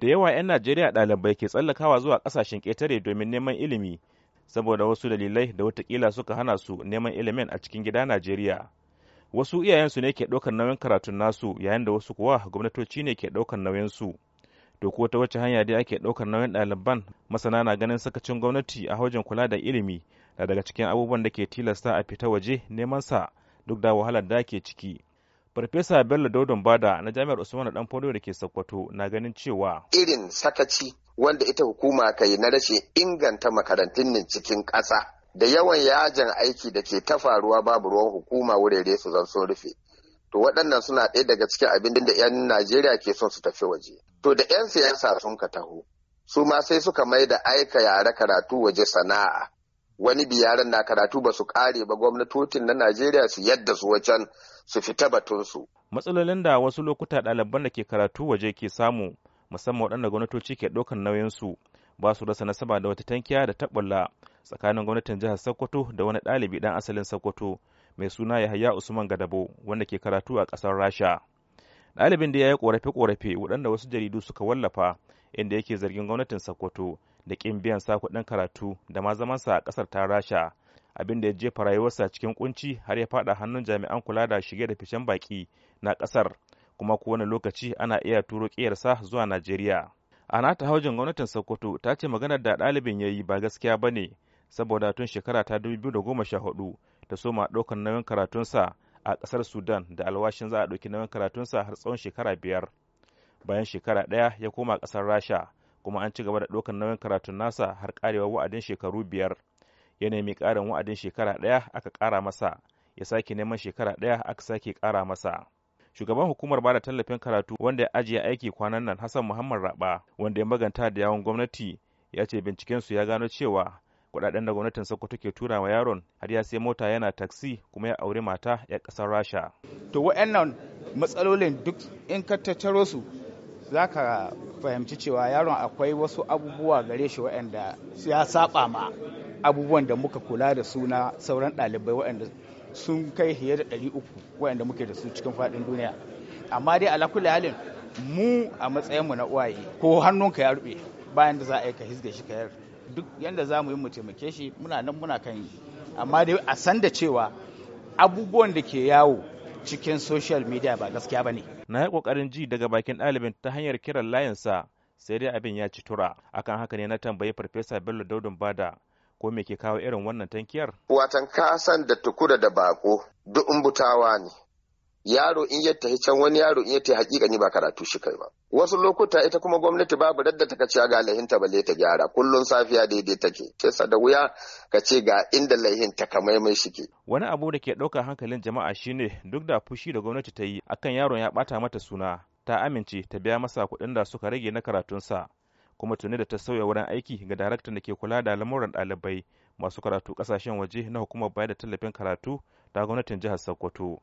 da yawa 'yan najeriya ɗalibai ke tsallakawa zuwa ƙasashen ƙetare domin neman ilimi saboda wasu dalilai da watakila suka hana su neman ilimin a cikin gida najeriya wasu iyayensu ne ke ɗaukar nauyin karatun nasu yayin da wasu kuwa gwamnatoci ne ke ɗaukar nauyin su to ko ta wace hanya dai ake ɗaukar nauyin ɗaliban masana na ganin sakacin gwamnati a wajen kula da ilimi da daga cikin abubuwan da ke tilasta a fita waje neman sa duk da wahalar da ke ciki Farfesa Bello Dodon Bada na Jami'ar Usman Dan folo da ke Sokoto na ganin cewa irin sakaci wanda ita hukuma yi na rashin inganta makarantun nan cikin ƙasa da yawan yajin aiki da ke ta faruwa babu ruwan hukuma wurare su zan so rufe. To waɗannan suna ɗaya daga cikin abin da 'yan Najeriya ke son su tafi waje. To da 'yan siyasa sun ka taho, su ma sai suka mai da aika yare karatu waje sana'a. wani biyaran na karatu ba su kare ba gwamnatocin na Najeriya su yadda su wajen su fita batunsu. Matsalolin da wasu lokuta ɗaliban da ke karatu waje ke samu musamman waɗanda gwamnatoci ke ɗaukar nauyinsu ba su rasa nasaba da wata tankiya da taɓulla tsakanin gwamnatin jihar Sokoto da wani ɗalibi ɗan asalin Sokoto mai suna Yahaya Usman Gadabo wanda ke karatu a ƙasar Rasha. Ɗalibin da ya yi ƙorafe-ƙorafe waɗanda wasu jaridu suka wallafa inda yake zargin gwamnatin Sokoto da ƙin biyan sa kuɗin karatu da ma zamansa a ƙasar ta rasha abin da ya jefa rayuwarsa cikin kunci har ya fada hannun jami'an kula da shige da ficen baki na ƙasar kuma kowane lokaci ana iya turo ƙiyarsa zuwa najeriya a nata haujin gwamnatin sokoto ta ce maganar da ɗalibin ya yi ba gaskiya ba ne saboda tun shekara ta 2014 ta soma ɗaukar nauyin karatunsa a ƙasar sudan da alwashin za a ɗauki nauyin karatunsa har tsawon shekara biyar bayan shekara ɗaya ya koma ƙasar rasha kuma an ci gaba da ɗaukar nauyin karatun nasa har karewa wa'adin shekaru biyar ya nemi ƙarin wa'adin shekara ɗaya aka ƙara masa ya sake neman shekara ɗaya aka sake ƙara masa shugaban hukumar bada tallafin karatu wanda ya ajiye aiki kwanan nan hassan muhammad raba wanda ya maganta da yawon gwamnati ya ce binciken su ya gano cewa kuɗaɗen da gwamnatin sokoto ke tura wa yaron har ya sai mota yana taksi kuma ya auri mata ya ƙasar rasha to wa'annan matsalolin duk in ka tattaro su za ka fahimci cewa yaron akwai wasu abubuwa gare shi waɗanda ya saba ma abubuwan da muka kula da su na sauran ɗalibai waɗanda sun kai fiye da ɗari uku waɗanda muke da su cikin faɗin duniya amma dai ala kulli halin mu a matsayinmu na uwaye ko hannunka ya rube bayan da za a yi ka hisga shi kayar duk yadda za mu yi mu taimake shi muna nan muna kan yi amma dai a san da cewa abubuwan da ke yawo cikin social media ba gaskiya ba ne na yi kokarin ji daga bakin ɗalibin ta hanyar kiran layinsa sai dai abin ya ci tura akan haka ne na tambayi farfesa bello daudun bada ko me ke kawo irin wannan tankiyar watan kasan da tukura da bako duk umbutawa ne yaro in ya tafi can wani yaro in ya tafi hakika ni ba karatu shi kai ba wasu lokuta ita kuma gwamnati babu radda ta kace ga lahinta ta balle ta gyara kullun safiya daidai take kisa da wuya ka ce ga inda lahin ta ka shi ke. wani abu da ke ɗaukar hankalin jama'a shine duk da fushi da gwamnati ta yi akan yaron ya bata mata suna ta amince ta biya masa kuɗin da suka rage na karatunsa kuma tuni da ta sauya wurin aiki ga daraktan da ke kula da lamuran ɗalibai masu karatu kasashen waje na hukumar bayar da tallafin karatu da gwamnatin jihar Sokoto.